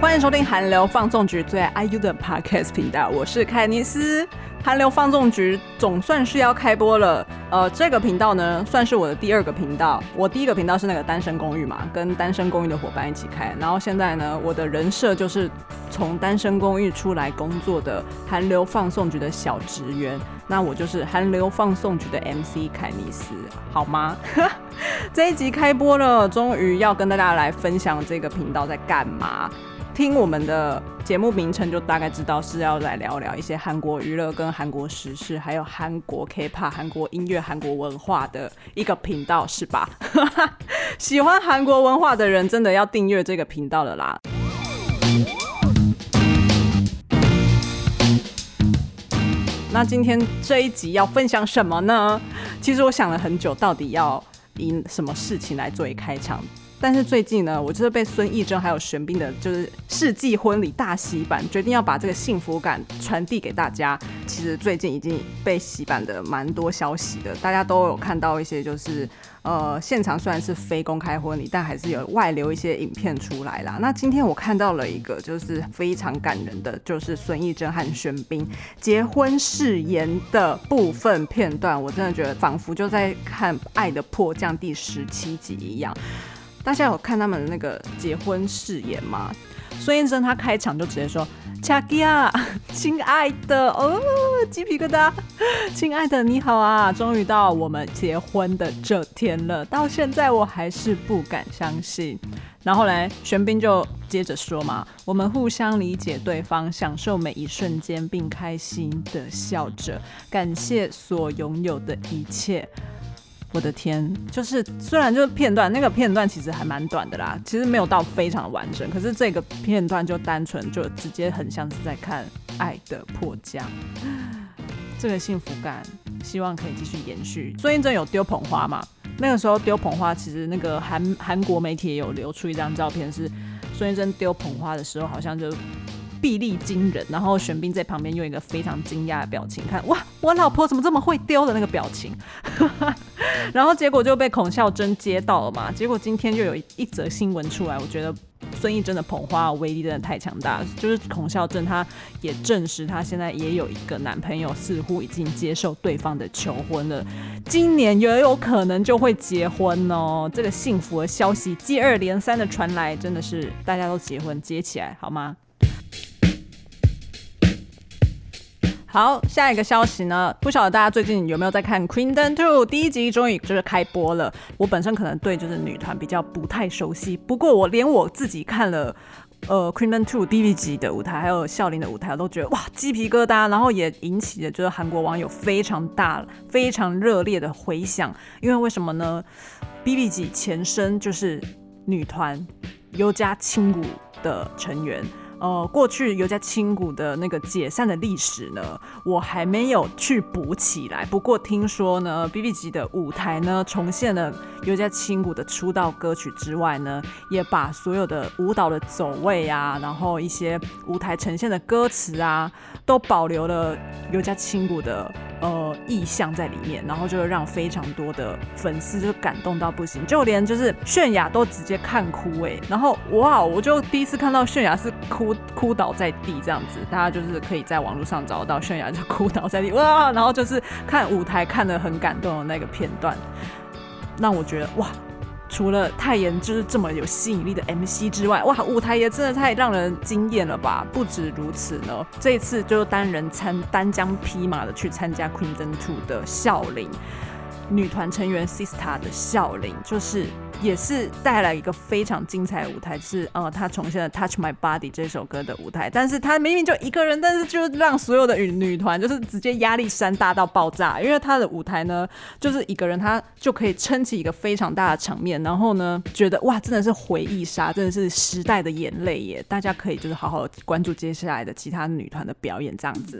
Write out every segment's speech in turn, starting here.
歡迎收聽《韓流放送局》最愛 IU 的 Podcast 頻道，我是凱妮絲。韓流放送局總算是要開播了。呃，這個頻道呢，算是我的第二個頻道。我第一個頻道是那個單身公寓嘛，跟單身公寓的夥伴一起開。然後現在呢，我的人設就是從單身公寓出來工作的韓流放送局的小職員。那我就是韓流放送局的 MC 凱妮絲，好嗎？ 這一集開播了，終於要跟大家來分享這個頻道在幹嘛。聽我們的節目名稱，就大概知道是要來聊聊一些韓國娛樂、跟韓國時事，還有韓國 K-pop、韓國音樂、韓國文化的一個頻道，是吧？ 喜歡韓國文化的人，真的要訂閱這個頻道了啦！ 那今天這一集要分享什麼呢？其實我想了很久，到底要以什麼事情來作為開場？但是最近呢，我就是被孫藝珍還有玄彬的，就是世紀婚禮大洗版，決定要把這個幸福感傳遞給大家。其實最近已經被洗版的蠻多消息的，大家都有看到一些，就是呃，現場雖然是非公開婚禮，但還是有外流一些影片出來啦。那今天我看到了一個就是非常感人的，就是孫藝珍和玄彬結婚誓言的部分片段，我真的覺得仿佛就在看《愛的迫降》第十七集一樣。大家有看他們的那個結婚誓言嗎？孫藝真她開場就直接說：「恰基亞，親愛的，哦，雞皮疙瘩，親愛的你好啊，終於到我們結婚的這天了，到現在我還是不敢相信。”然後來玄彬就接着說嘛：“我們互相理解對方，享受每一瞬間，並開心的笑着，感謝所擁有的一切。”我的天，就是雖然就是片段，那個片段其實還蠻短的啦，其實沒有到非常完整，可是這個片段就單純就直接很像是在看《愛的迫降》。這個幸福感希望可以繼續延續。孫藝真有丟捧花嗎？那個時候丟捧花，其實那個韓韓國媒體也有流出一張照片是，是孫藝真丟捧花的時候，好像就臂力驚人，然後玄彬在旁邊用一個非常驚訝的表情，看哇，我老婆怎麼這麼會丟的那個表情。 然後結果就被孔孝真接到了嘛，結果今天就有一則新聞出來，我覺得孫藝真的捧花威力真的太強大，就是孔孝真她也證實她現在也有一個男朋友，似乎已經接受對方的求婚了，今年也有可能就會結婚哦，這個幸福的消息接二連三的傳來，真的是大家都結婚接起來好嗎？好，下一個消息呢？不曉得大家最近有沒有在看《Queendom Two》？第一集終於就是開播了。我本身可能對就是女團比較不太熟悉，不過我連我自己看了，呃，《Queendom Two》VIVIZ 的舞台，還有孝琳的舞台，都覺得哇雞皮疙瘩，然後也引起了就是韓國網友非常大、非常熱烈的回響。因為為什麼呢？VIVIZ 前身就是女團優加輕舞的成員。呃，過去尤佳清谷的那個解散的歷史呢，我還沒有去補起來。不過聽說呢，B B G 的舞台呢，重現了尤佳清谷的出道歌曲之外呢，也把所有的舞蹈的走位啊，然後一些舞台呈現的歌詞啊，都保留了尤佳清谷的呃意象在裡面，然後就讓非常多的粉絲就感動到不行，就連就是泫雅都直接看哭哎，欸，然後哇，我就第一次看到泫雅是哭。哭倒在地這樣子，大家就是可以在網絡上找到泫雅就哭倒在地，哇，然後就是看舞台看得很感動的那個片段，讓我覺得哇，除了泰妍就是這麼有吸引力的 MC 之外，哇，舞台也真的太讓人驚艷了吧！不止如此呢，這一次就是單人參單槍匹馬的去參加的《Queendom Two》的孝琳。女團成員 Sista 的孝琳，就是也是帶來一個非常精彩的舞台，就是呃，她重現了《Touch My Body》這首歌的舞台。但是她明明就一個人，但是就讓所有的女女團就是直接壓力山大到爆炸，因為她的舞台呢，就是一個人她就可以撐起一個非常大的場面。然後呢，覺得哇，真的是回憶殺，真的是時代的眼淚耶！大家可以就是好好關注接下來的其他女團的表演，這樣子。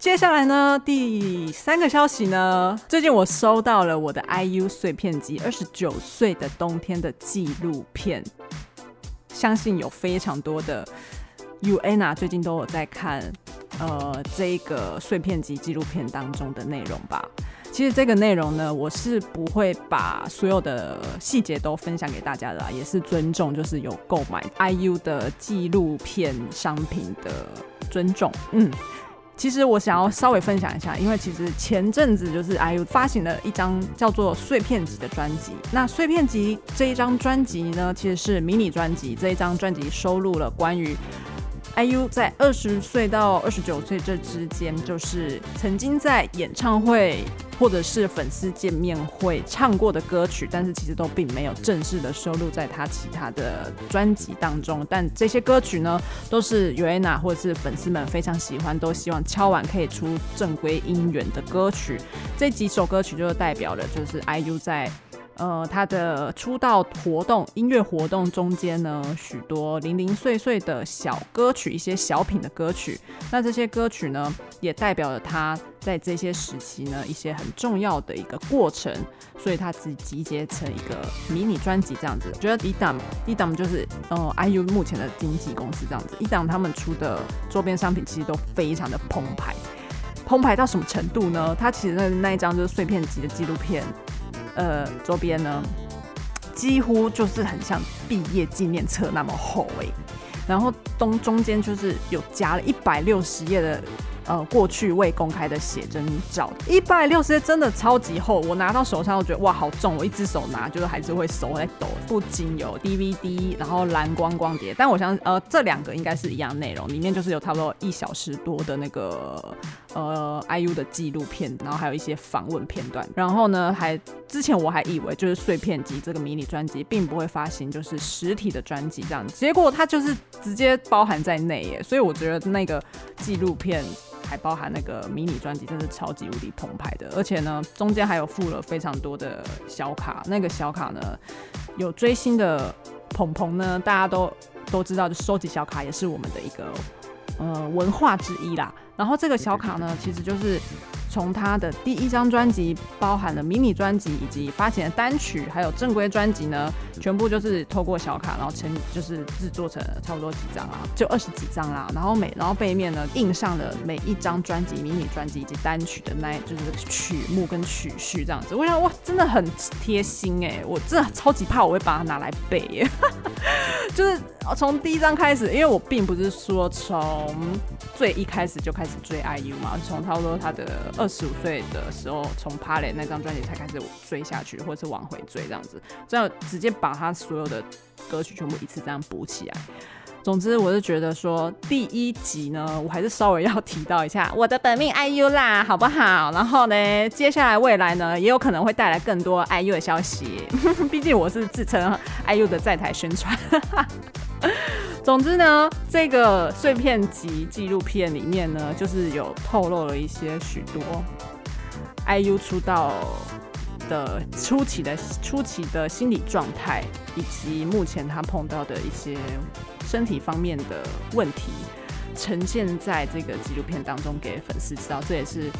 接下來呢，第三個消息呢，最近我收到了我的 IU 碎片集《二十九歲的冬天》的紀錄片，相信有非常多的 UAENA 最近都有在看，呃，這個碎片集紀錄片當中的內容吧。其實這個內容呢，我是不會把所有的細節都分享給大家的啦，也是尊重，就是有購買 IU 的紀錄片商品的尊重，嗯。其實我想要稍微分享一下，因為其實前陣子就是 IU 發行了一張叫做《碎片集》的專輯。那《碎片集》這一張專輯呢，其實是迷你專輯。這一張專輯收錄了關於 IU 在二十歲到二十九歲這之間，就是曾經在演唱會或者是粉絲見面會唱過的歌曲，但是其實都並沒有正式的收錄在她其他的專輯當中。但這些歌曲呢，都是 UAENA 或者是粉絲們非常喜歡，都希望敲碗可以出正規音源的歌曲。這幾首歌曲就是代表了，就是 IU 在。呃，他的出道活動、音樂活動中間呢，許多零零碎碎的小歌曲、一些小品的歌曲，那這些歌曲呢，也代表了他在這些時期呢一些很重要的一個過程，所以他自己集結成一個迷你專輯這樣子。覺得 EDAM EDAM 就是呃 IU 目前的經紀公司這樣子。EDAM 他們出的周邊商品其實都非常的澎湃，澎湃到什麼程度呢？他其實那一張就是碎片集的紀錄片。呃，周邊呢，幾乎就是很像畢業紀念冊那麼厚誒、欸，然後中中間就是有加了一百六十頁的。呃，過去未公開的寫真照，一百六十頁真的超級厚，我拿到手上我覺得哇好重，我一隻手拿就是還是會手在抖。不僅有 DVD，然後藍光光碟，但我想呃這兩個應該是一樣內容，裡面就是有差不多一小時多的那個呃 IU 的紀錄片，然後還有一些訪問片段。然後呢，還之前我還以為就是碎片集這個迷你專輯並不會發行就是實體的專輯這樣，結果它就是直接包含在內耶，所以我覺得那個紀錄片。還包含那個迷你專輯，真是超級無敵澎湃的！而且呢，中間還有附了非常多的小卡。那個小卡呢，有追星的朋朋呢，大家都都知道，就收集小卡也是我們的一個呃文化之一啦。然後這個小卡呢，對對對對其實就是從他的第一張專輯包含了迷你專輯，以及發行的單曲，還有正規專輯呢。全部就是透過小卡，然後成就是製作成了差不多幾張啊，就二十幾張啦，啊。然後每然後背面呢印上了每一張專輯、迷你專輯以及單曲的那，就是曲目跟曲序這樣子。我想哇，真的很貼心哎，欸！我真的超級怕我會把它拿來背，欸， 就是從第一張開始，因為我並不是說從最一開始就開始追 IU 嘛，從差不多他的二十五歲的時候，從 Palette 那張專輯才開始追下去，或者是往回追這樣子，這樣直接把。把他所有的歌曲全部一次這樣補起來。總之，我是覺得說第一集呢，我還是稍微要提到一下我的本命 IU 啦，好不好？然後呢，接下來未來呢，也有可能會帶來更多 IU 的消息。 畢竟我是自稱 IU 的在台宣傳。總之呢，這個碎片集紀錄片裡面呢，就是有透露了一些許多 IU 出道的初期的初期的心理狀態，以及目前他碰到的一些身體方面的問題，呈現在這個紀錄片當中給粉絲知道，這也是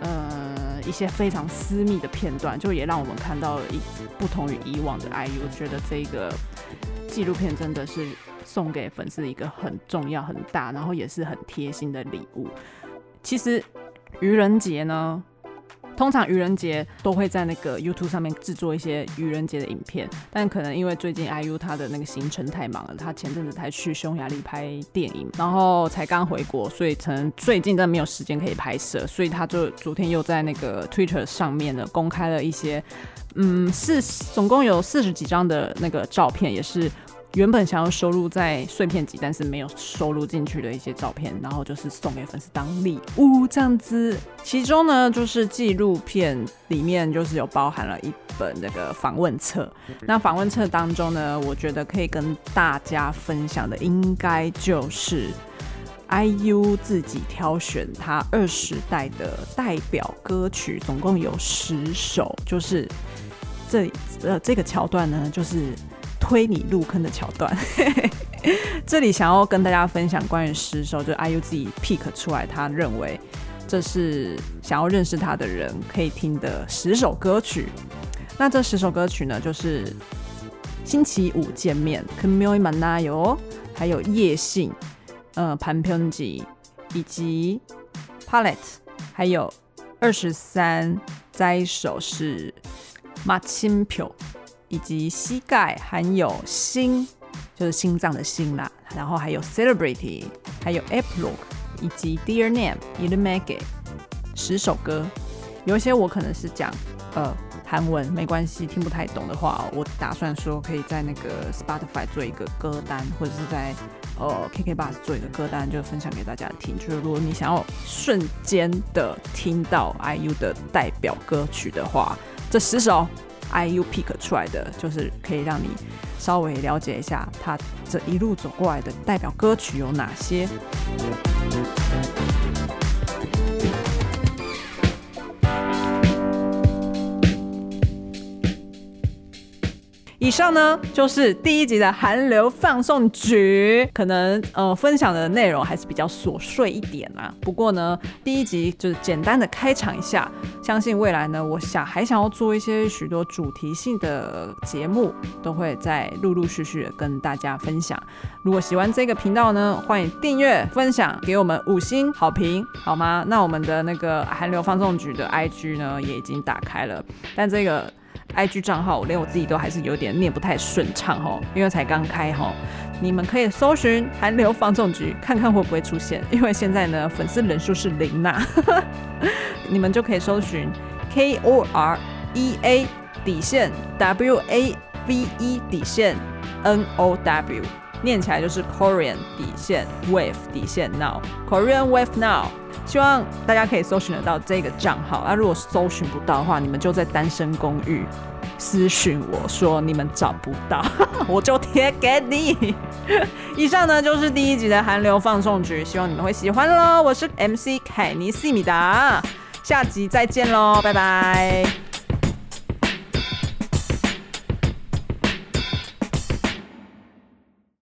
呃一些非常私密的片段，就也讓我們看到了一不同於以往的 IU。我覺得這個紀錄片真的是送給粉絲一個很重要、很大，然後也是很貼心的禮物。其實愚人節呢，通常愚人節都會在那個 YouTube 上面制作一些愚人節的影片，但可能因為最近 IU 他的那個行程太忙了，他前陣子才去匈牙利拍電影，然後才剛回國，所以可能最近真的沒有時間可以拍攝，所以他就昨天又在那個 Twitter 上面呢公開了一些，嗯，四總共有四十幾張的那個照片，也是。原本想要收錄在碎片集，但是沒有收錄進去的一些照片，然後就是送給粉絲當禮物、哦、這樣子。其中呢，就是紀錄片裡面就是有包含了一本那個訪問冊。那訪問冊當中呢，我覺得可以跟大家分享的，應該就是 IU 自己挑選他二十代的代表歌曲，總共有十首。就是這呃這個橋段呢，就是。推你入坑的橋段， 這裡想要跟大家分享關於十首，就 IU 自己 pick 出來，他認為這是想要認識他的人可以聽的十首歌曲。那這十首歌曲呢，就是星期五見面、Kumyoire Manayo，還有夜信，呃，Panpyongji，以及 Palette，還有二十三，再一首是 Machimpyo 以及膝蓋含有心，就是心臟的心啦。然後還有 Celebrity，還有 Epilogue 以及 Dear Name、i l m a g e 十首歌。有一些我可能是講呃韓文，沒關係，聽不太懂的話，我打算說可以在那個 Spotify 做一個歌單，或者是在呃 KKBox 做一個歌單，就分享給大家聽。就是如果你想要瞬間的聽到 IU 的代表歌曲的話，這十首。IU pick 出來的，就是可以讓你稍微了解一下他這一路走過來的代表歌曲有哪些。以上呢，就是第一集的韓流放送局，可能呃分享的內容還是比較瑣碎一點啊。不過呢，第一集就是簡單的開場一下。相信未來呢，我想還想要做一些許多主題性的節目，都會再陸陸續續跟大家分享。如果喜歡這個頻道呢，歡迎訂閱、分享，給我們五星好評，好嗎？那我們的那個韓流放送局的 IG 呢，也已經打開了，但這個。I G 賬號我連我自己都還是有點念不太順暢吼，因為才剛開吼，你們可以搜尋韓流放送局，看看會不會出現。因為現在呢，粉絲人數是零吶， 你們就可以搜尋 K O R E A 底線 W A V E 底線 N O W。念起來就是 Korean 底線 wave 底線 now Korean wave now，希望大家可以搜尋得到這個賬號。那、啊、如果搜尋不到的話，你們就在單身公寓私訊我說你們找不到， 我就貼給你。 以上呢就是第一集的韓流放送局，希望你們會喜歡嘍。我是 MC 凱妮絲米達，下集再見嘍，拜拜。